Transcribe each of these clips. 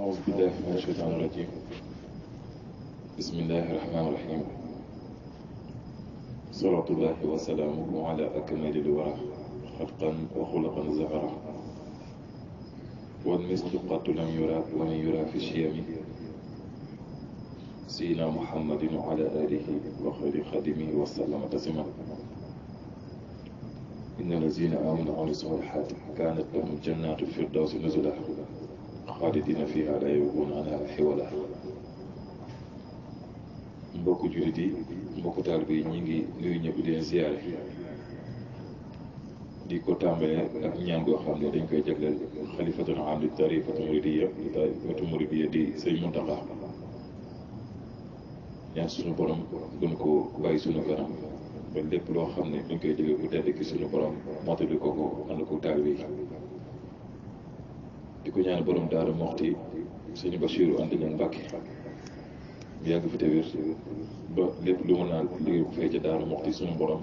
أعوذ بالله من الشيطان الرجيم بسم الله الرحمن الرحيم صلاة الله وسلامه على أكمل الورى خلقا وخلقا زهرا والمثل قط لم يرى ومن يرى في الشيم سيدنا محمد وعلى آله وخير خادمه وسلم تسما إن الذين آمنوا وعملوا الصالحات كانت لهم جنات الفردوس نزلا xaalidina fiha la yabghuuna anhaa hiwala mbokku jullit yi mbokku taalibe yi ñu ngi nuyu ñëpp di ziyaare di ko tàmbale ñaan goo xam ne dañ koy jagleel xalifatul aam li tariqatu muridiyya li tariqatu muridiyya di sëñ Muntaxa ñaan suñu borom gën ko bàyyi suñu kanam ba lépp loo xam ne dañ koy jëlee bu tedd ki suñu borom mottali ko ko ànd ko taalibe yi di ko ñaan borom Daaru Muxti suñu Basiiru ànd ñoom Mbàkke mu yàgg fi te wér lépp lu mu naan liggéey ko fay ca Daaru Muxti suñu borom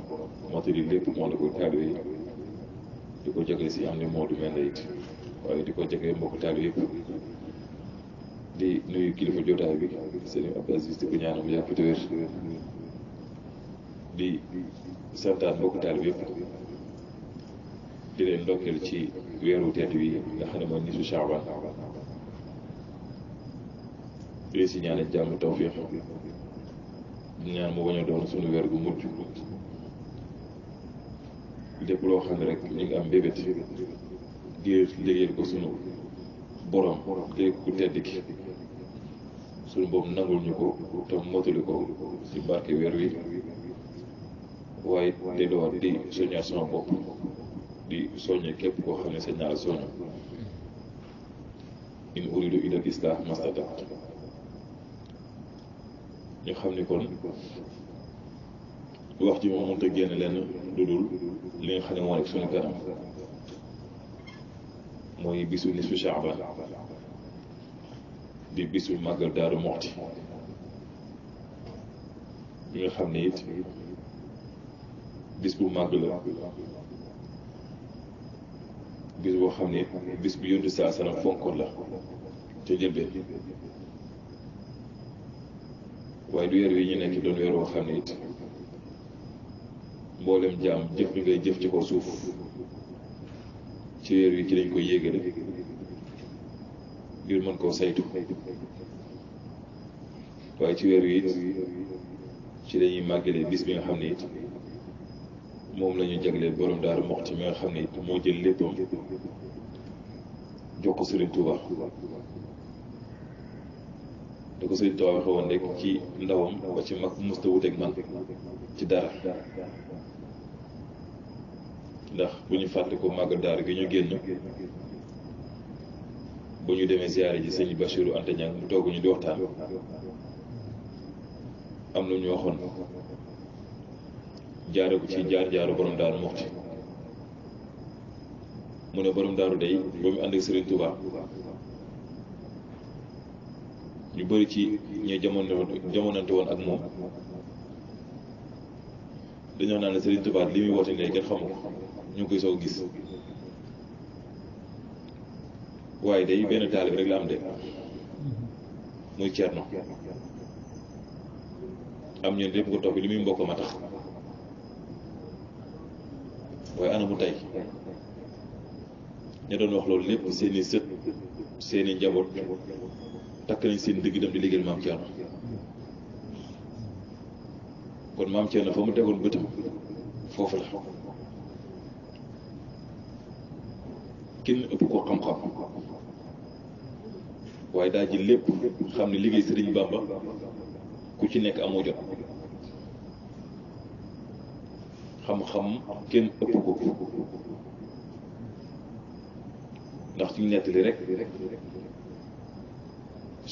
mottali lépp moo la ko taalibe yi di ko jege si am ni moo du mel na it waaye di ko jege mbokk taalibe yëpp di nuyu kilifa jotaay bi sëriñ Abdou Aziz di ko ñaanal mu yàgg fi te di santaan mbokk taalibe yëpp di leen ndokkeel ci weeru teet wi nga xam ne mooy nisu Shaaban di si ñaanal jàmm tawfiix ñaan mu bañ doon suñu weer gu mujj lépp loo xam ne rek ñu ngi am bébét di liggéeyal ko sunu borom dégg ku tedd ki sunu boobu nangul ñu ko te motali ko ci barke weer wi waaye delluwaat di soññaat sama bopp di soññee képp koo xam ne sañ naa la soññ in uridu ila islah mastata ñu xam ni kon wax ji moom mënut a génn lenn lu dul li nga xam ne moo nekk suñu kanam mooy bisu nisfu Shaaban di bisu màggal Daaru Muxti ñu nga xam ne it bis bu màgg la bis boo xam ne bis bi yónni saa sana fonkoon la te jëmbee waaye du weer wi ñu nekk doon weer woo xam ne it mboolem jaam jëf bi ngay jëf ci kaw suuf ci weer wi ci lañ koy yéegale ngir mën koo saytu waaye ci weer wi ci dañuy màggale bis bi nga xam ne it moom lañu ñu boroom borom Daaru Muxti ma nga xam ne moo jël léppam jox ko Sëriñ da ko Sëriñ Tuuba waxe woon ci ndawam ba ci mag musta wuteeg man ci dara ndax bu ñu fàtte ko màgg daar gi ñu génn bu ñu demee ziyaare ji sëñ Bachiru Anta Ñaŋ mu ñu di waxtaan am na ñu waxoon jaare ko ci jaar jaaru borom daaru muxti mu ne borom daaru day ba mu ànd ak Serigne ñu bëri ci ñi jamono jamonante woon ak moom dañoo naan Serigne Touba li muy woote kenn xamu ko ñu koy soog gis waaye day benn taalibe rek la am de muy Cerno am ñeen lépp ko topp li muy mbokk ma tax waaye ana mu tey ña doon wax loolu lépp seeni i sët seen njaboot takk nañ seen dëgg dem di liggéeyal maam Thierno kon maam Thierno fa mu tegoon bëtam foofu la kenn ëpp ko xam-xam waaye daa ji lépp xam ne liggéey Sëriñ Bàmba ku ci nekk amoo jot xam-xam kenn ëpp ko ndax ci nettali rek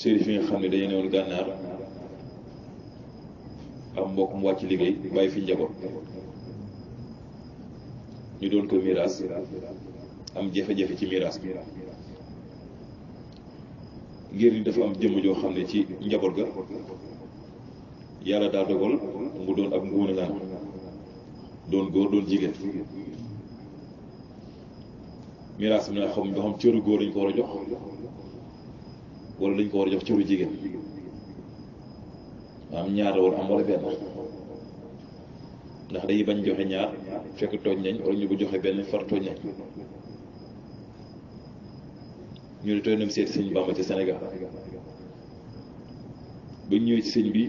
sérif yi nga xam ne dañu newoon gànnaar am mbokk mu wàcc liggéey bàyyi fi njaboot ñu doon ko miraas am jafe-jafe ci miraas bi ngir ni dafa am jëmm joo xam ne ci njaboot ga yàlla daa dogal mu doon ab nguuna naan doon góor doon jigéen miraas mi nag xam nga xam cëru góor lañ ko war a jox wala lañ ko war a jox cëru jigéen am ñaar war am wala benn ndax dañuy bañ joxe ñaar fekk tooñ nañ wala ñu bu joxe benn far tooñ nañ ñu ne tooy nam seeti sëñ Bàmba ci Sénégal ba ñëwee ci bi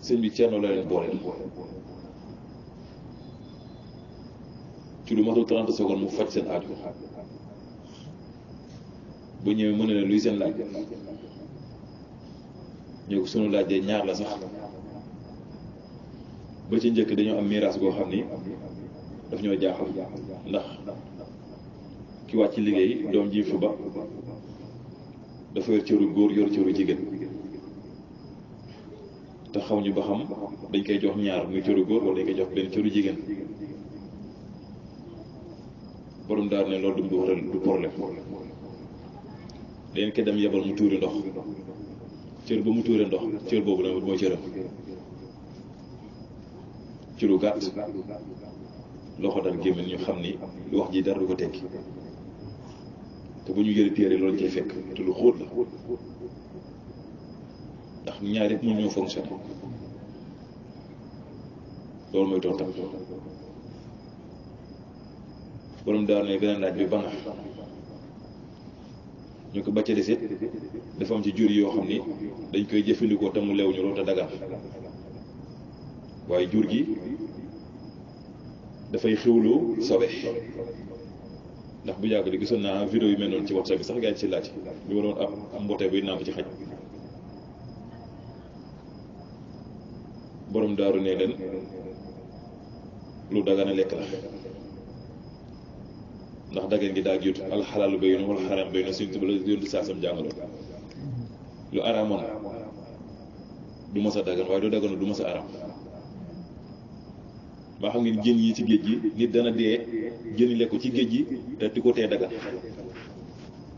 sëñ bi Ceerno la leen booleel ci lu matul 30 secondes mu faj seen aajo bu ñëwee mu ne la luy seen laaj ñoo ko sunu laaj de ñaar la sax ba ci njëkk dañoo am miraas goo xam ni daf ñoo jaaxal ndax ki wàcc ci liggéey doom ji fi ba dafa yor cëru góor yor cëru jigéen te xaw ñu ba xam dañ koy jox ñaar muy cëru góor wala dañ koy jox benn cëru jigéen borom daar ne loolu du waral du problème dañ ko dem yebal mu tuuri ndox cër ba mu tuure ndox cër boobu tamit mooy cëram ci lu gàtt loxo daan gémmiñ ñu xam ni wax ji dara du ko tekki te bu ñu jëlee téere loolu cay fekk te lu xóot la ndax ñaar yëpp mën ñoo fonctionné loolu mooy tontam. borom daaru ne beneen laaj bi ba nga ko bàcce desit dafa am ci jur yoo xam ni dañ koy jëfandikoo te mu lew ñu loolu te waaye jur gi dafay xiwloo sobe ndax bu yàgg di gisoon naa vidéo yu mel noonu ci WhatsApp bi sax gaa ci laaj ñu waroon ab am buy nàmp ci xaj borom daaru ne leen lu dagana lekk la ndax daggeen gi daa jiitu alxalaalu bayyin wal xaraam bayyin suñu tuba la yontu saasam jàngaloon lu araamoon du mos a dagan waaye du daganu du mos a araam maa xam ngeen jën yi ci géej gi nit dana dee jën lekk ci géej gi te di ko tee dagan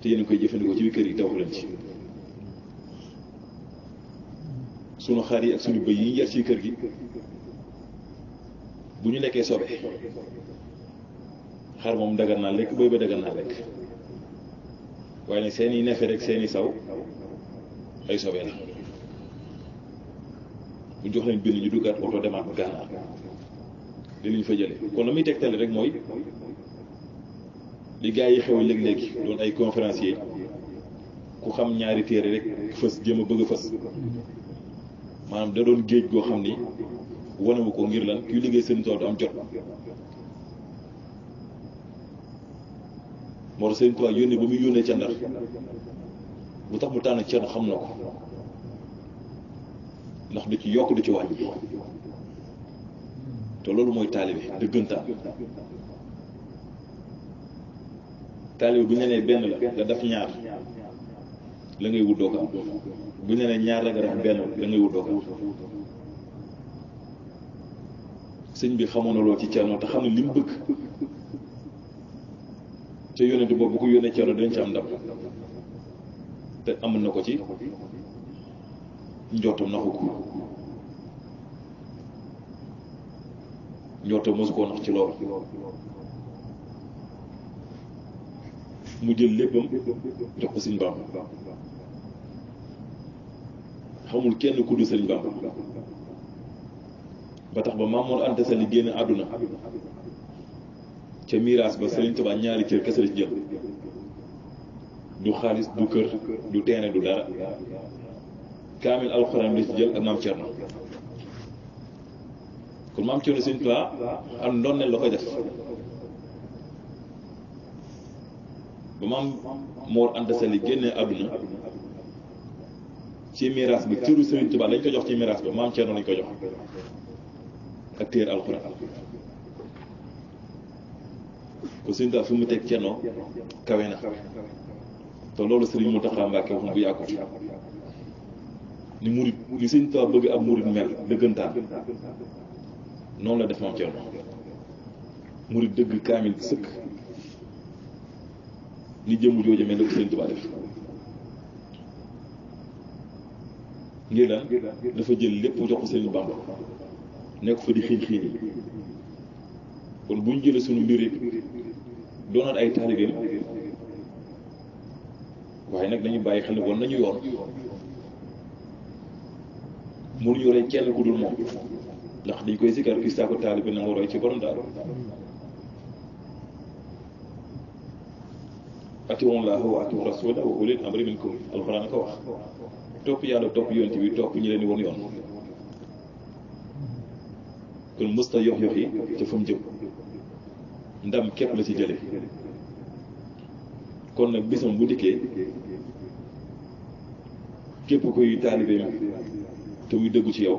te yéen koy jëfandikoo ci biir kër yi te waxu leen ci sunu xar yi ak sunu bëy yi yar ci kër gi bu ñu lekkee sobe xar moom dagan naa lekk bëy ba dagan naa lekk waaye nag seen i rek seen saw ay sobe la ñu jox leen bind ñu duggaat oto demaat Gaana di li ñu fa jële kon la muy tegtale rek mooy li yi xew léeg-léegi doon ay conférencier ku xam ñaari téere rek fës jéem a bëgg a fës maanaam da doon géej goo xam ni wanewu ko ngir lan kuy liggéey seen tool du am jot moo Sëriñ Tuubaa yónnee ba muy yónnee lu tax mu tànn Cerno xam na ko ndax du ci yokk du ci wàññi te loolu mooy taalibe dëggantaan taalibe bu ñu nee benn la nga def ñaar la ngay wut doo bu ñu ñaar la nga def benn la ngay wut doo ko am sëñ bi xamoon na loolu ci Cerno te xam ne li bëgg te yónnent boobu ku yónnee ci yàlla am ndam te amoon na ko ci njootam naxu ko mosu koo nax ci loolu mu jël léppam jox ko Sëriñ Bamba xamul kenn ku dul Sëriñ Bamba ba Maam Mor Anta Sali génn àdduna ca miraas ba Sëriñ Tuubaa ñaari cër kese la ci jël du xaalis du kër du teene du dara kaamil alxuraan la ci jël ak maam Cerno kon maam Cerno Sëriñ Tuubaa am ndonneel la ko def ba maam Mor Anta Sali génnee àdduna ci miraas bi cëru Sëriñ Tuubaa lañ ko jox ci miraas ba maam Cerno lañ ko jox ak téer alxuraan Sëriñ Tuubaa fi mu teg cennoo kawe na te loolu Sëriñ Muntaxa Mbàkke waxum bu yàggut ni murit ni Sëriñ Tuubaa bëgg ab murit mel dëggantaan noonu la def moom cennoo murit dëgg kaamil sëkk ni jëmm jooju mel na ko Sëriñ Tuubaa def ngir daal dafa jël lépp jox ko Sëriñ Bàmba nekk fa di xiin xiin yi kon bu ñu jëlee suñu mbir doonaat ay taalibe waaye nag dañu bàyyi xel woon nañu yoon mënuñu roy kenn ku dul moom ndax dañ koy sikkar kii saako taalibe roy ci borom daal atiwu llaaha wa atiwu rasuula ko wax topp yàlla topp bi topp ñu leen di woon yoon kon mës yox yox yi ca fa jëm ndam képp la ci jële kon nag bisam bu dikkee képp kuy taalibe te muy dëggu ci yow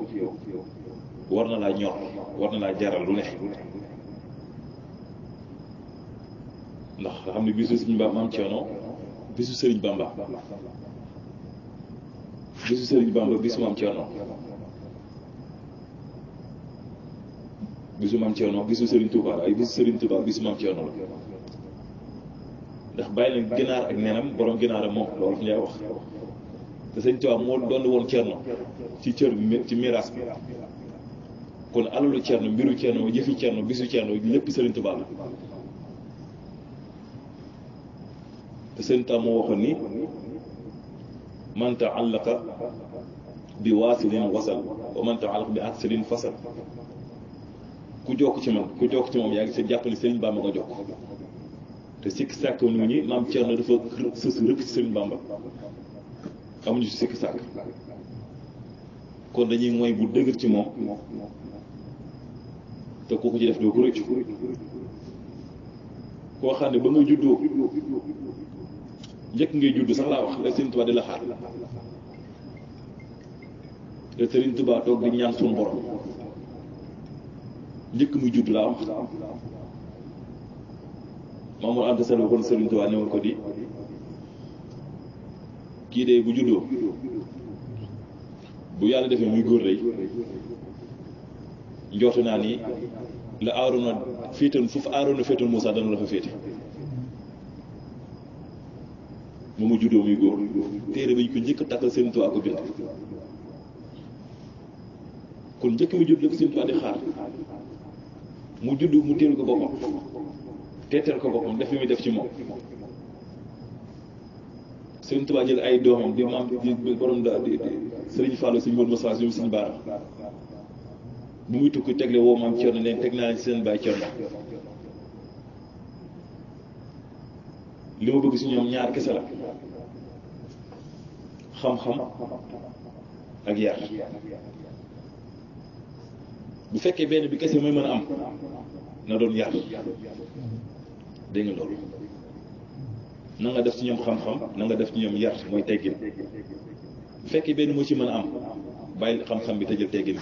war na laa ñor war na laa jaral lu ne ndax nga xam ne bisu sëriñ Bamba maam Thiono bisu sëriñ Bamba bisu sëriñ Bamba bisu maam Thiono bisu maam Thierno bisu Serigne Touba la ay bisu Serigne Touba bisu la ndax bàyyi na ginaar ak nenam borom ginaaram moom loolu fi ñuy wax te sëñ Touba moo doon woon Thierno ci cër ci miraas bi kon alalu Thierno mbiru Thierno jëfi Thierno bisu Thierno lépp Serigne Touba la te sëñ Touba moo waxoon ni man ta'allaqa bi waasilin wasal wa man ta'allaqa bi aksirin fasal ku jokk ci moom ku jokk ci moom yaa ngi seen jàppale Serigne Bamba nga jokk te sikki sàkk nu ñi maam Thierno dafa sës rëpp ci Serigne Bamba amuñu kon dañuy mooy bu dëgër ci moom te kooku ci def doo xam ne ba nga juddoo ngay judd sax laa wax la Serigne Touba di la xaar la Serigne Touba toog di ñaan suñu borom. njëkk mu jug laa wax Mamour Anta Sall waxoon Serigne ko di kii de bu juddoo bu yàlla defee muy góor rëy njortu naa ni la aaroona féetoon foofu aaroona féetoon Moussa dana la fa féete moomu juddoo muy góor téere bi ñu ko njëkk a takkal Serigne Touba ko bind kon njëkk mu judd la ko Serigne di xaar mu dudd mu téel ko boppam teetal ko boppam def li def ci moom Sëriñ Tuubaa jël ay doomam di maam di borom da di Sëriñ Fallou suñu mboolu message ñoom suñu muy tukki tegle woo maam Cerno leen leen ci seen baay Cerno li ma bëgg si ñoom ñaar kese la xam-xam ak yar bu fekkee benn bi kese mooy mën a am na doon yar dégg nga loolu na nga def ci ñoom xam-xam na nga def ci ñoom yar mooy teggin bu fekkee benn moo ci mën a am bàyyi xam-xam bi te jël teggin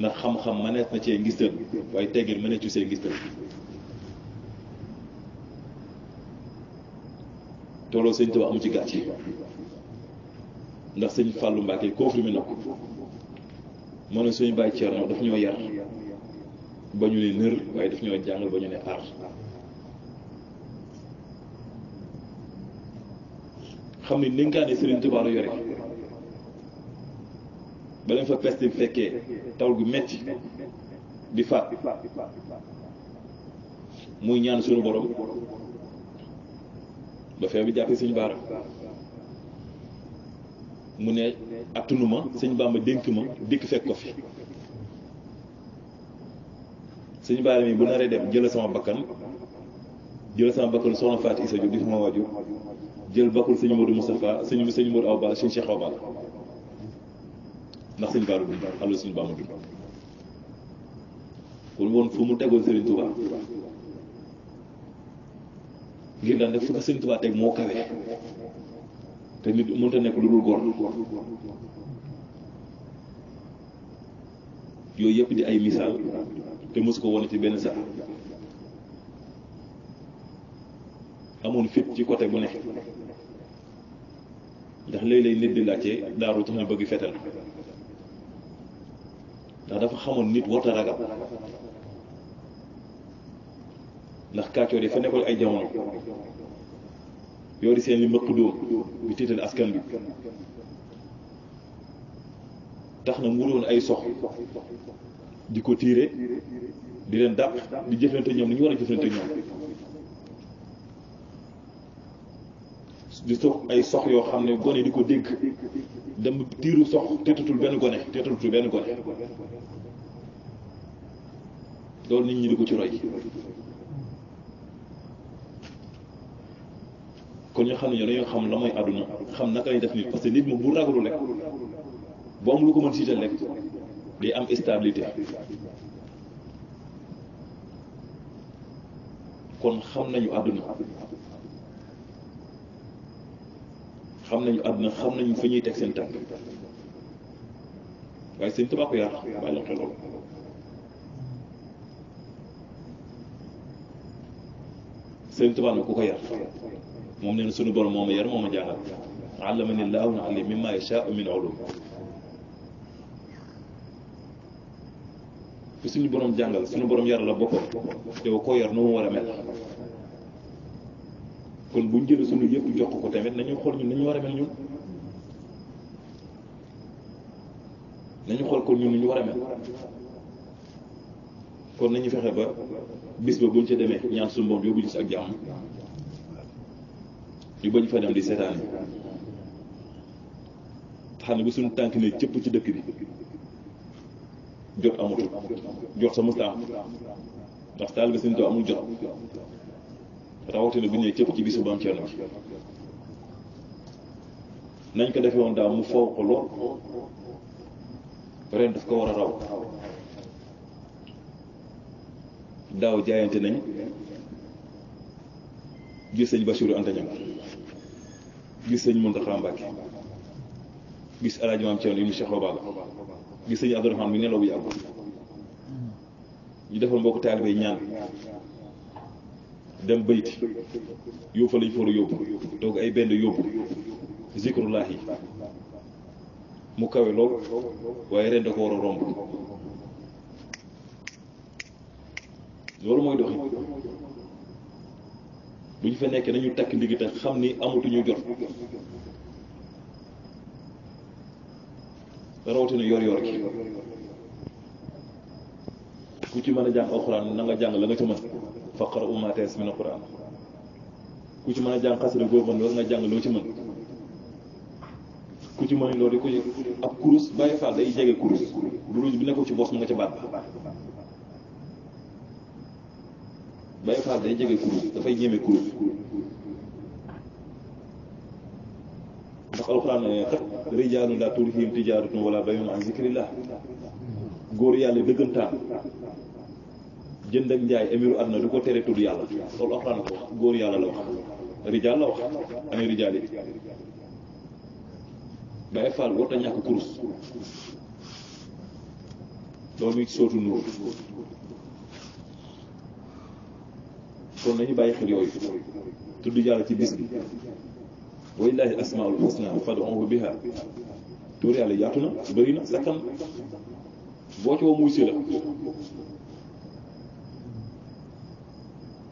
ndax xam-xam mënees na cee ngistal waaye teggin mënees ci see ngistal tooloo seen tubaab amu ci gàcce ndax sëñ Fallou Mbacke confirmé na ko moo suñu bàyyi Thierno daf ñoo yar ba ñu ne nër waaye daf ñoo jàngal ba ñu ne aar xam ni ndénkaane Serigne Touba yore ba leen fa peste bi fekkee taw gu metti di faat muy ñaan suñu borom ba feebar jàppee suñu baaraam. mu ne attunu ma sëñ Bamba dénk ma dikk fekk ko fi sëñ Bara mi bu naree dem jël sama bakkan jël sama bakkan soxna Fatou Issa Diop di sama waajur jël bakkul sëñ Modou Moustapha sëñ sëñ Modou Awa Balla sëñ Cheikh Awa Balla ndax sëñ Bara dund alal dund kon woon fu mu tegoon Serigne Touba ngir daan def fu ko Serigne Touba teg moo kawee te nit mënta nekk lu dul góor yooyu yëpp di ay misaal te mosu ko wane ci benn sax amoon fit ci côté bu ne ndax léeg-léeg nit di daaru tax ñu bëgg fetal ndax dafa xamoon nit warta ragal ndax kàccoor yi fa nekkoon ay jamono yoori seen li mbëq dóom bi tiital askan bi tax na mu doon ay sox di ko tiire di leen dàq di jëflante ñoom ni ñu war a jëflante ñoom di sox ay sox yoo xam ne gone di ko dégg dem tiiru sox teetatul benn gone teetatul benn gone loolu nit ñi di ko ci roy kon ñu xam ne ñoo dañoo xam la mooy àdduna xam naka lay def nit parce que nit moom bu ragalu rek bu am lu ko mën siital rek day am stabilité kon xam nañu àdduna xam nañu àdduna nañu fa ñuy teg seen tànk waaye seen tabax ko yar seen tabax na ku ko yar موم نين سونو بور موم يار موم جاغال علمني الله ونعلم مما يشاء من علوم في سونو بوروم جانغال سونو بوروم يار لا بوكو ديو كو يار نو ورا مل كون بو نجيلو سونو ييب جوكو كو تاميت نانيو خول ني نانيو ورا مل نيون nañu xol ko ñun ñu wara mel kon nañu fexé ba bis ba buñ ci démé ñaan su mbon yobul ci ak jamm ñu bañ fa dem di seetaan xam ne bu suñu tànk ne cëpp ci dëkk bi jot amatul jot sa musta am ndax taal bi suñu doo amul jot rawatina bu ñëwee cëpp ci bisu Maam bi nañ ko defewoon woon daaw mu foow ko lool daf ko war a raw daaw jaayante nañ gis sëñ Basiru Anta Ñaŋ gis sëñ Muntaxa Mbàkke gis alaaji maam Cerno ibnu Cheikh Obaba gis sëñ Abdourahmane bi nelaw bu yàggul ñu defal mbokk taalibe ñaan dem bayti yóbbu fa lañ foora yóbbu toog ay benn yóbbu zikrullahi yi mu kawe lool waaye ren da ko war a romb loolu mooy doxi bu ñu fa nekkee nañu takk ndigg te xam ni amatuñu jot rawatina yor yor gi ku ci mën a jàng alxuraan na jàng la nga ci mën faqra'u maa tayassara mina alxuraan ku ci mën a jàng xasida boo mën nga jàng loo ci mën ku ci mën loolu di ko ak kurus bàyyi faal day jege kurus bu ruuj bi nekkul ci bos mu nga ca baat ba Baye Fall day jege kuréel dafay ñeme kuréel ndax alxuraan na ne kat rijaalun laa tulhiihim tijaaratun wala bay'un an zikrillah góor yàlla dëggantaan jënd ak njaay emiru àdduna du ko tere tudd yàlla loolu alxuraan ko góor yàlla la wax rijaal la wax amee rijaal yi Baye Fall warut a ñàkk kurus loolu muy sootu nuur kon nañu bàyyi xel yooyu tudd yàlla ci bis bi walillahi asmaul husna fad'uhu biha tuur yàlla yaatu na bëri na sakkan boo ci woo muy si la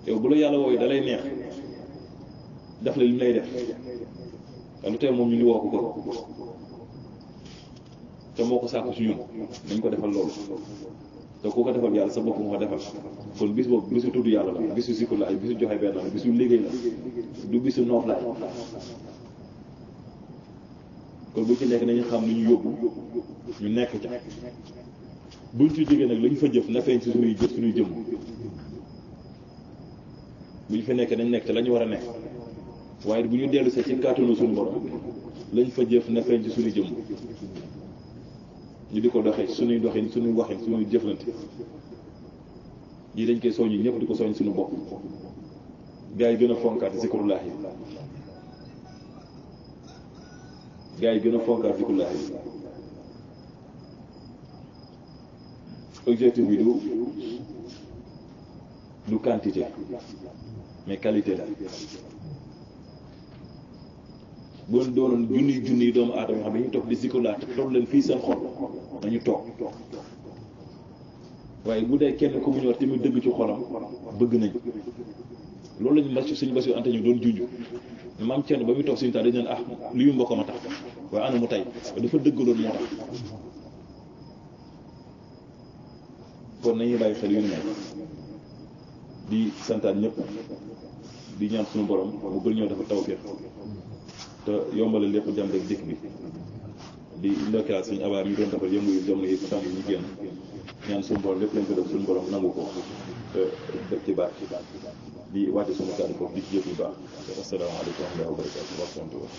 yow bu la yàlla wooyu dalay neex def la li lay def te lu tey moom ñu ni woo ko ko te moo ko sàkk ci ñun nañ ko defal loolu te koo ko defal yàlla sa bopp moo defal kon bis boobu bisu tudd yàlla la bisu sikku la ay bisu joxe benn la bisu liggéey la du bisu noof la kon bu ci nekk nañu xam ni ñu nekk ca buñ jógee nag lañu fa jëf na feeñ si suñuy bu ñu fa nekkee nañ nekk te war a nekk waaye bu ñu dellu see ci kàttanu suñu borom lañ fa jëf na feeñ ci jëmm ñu di ko doxee suñuy doxin suñuy waxin suñuy jëflante yi dañ koy yi ñëpp di ko soñ sunu bopp gaa yi gën a fonkaat zikrullah yi gaa yi gën a fonkaat zikrullah yi objectif bi du du quantité mais qualité la bu leen doonoon junniy doomu aadama xam ne ñu toog di zikrullaa toog leen fii seen xol dañu toog waaye bu dee kenn ku mu ñor tamit dëgg ci xolam bëgg nañ loolu lañu mas suñu basi antan ñu doon junj maam Thierno ba muy toog suñu taal dañu naan ah li mu mbokk ma tax waaye ana mu tey dafa dëggaloon moo tax kon nañuy bàyyi xel yu ne di santaan ñëpp di ñaan suñu borom mu gën ñoo dafa tawfeex te yombalal lépp jàmm rek dikk bi di ndokkilaat suñu abaar yi doon defal yëngu yu jom yi sànq yi ñu génn ñaan suñu borom lépp lañ ko def suñu borom nangu ko def ci baax di wàcce suñu kàddu foofu di ci jëf yu baax asalaamaaleykum wa rahmatulah wa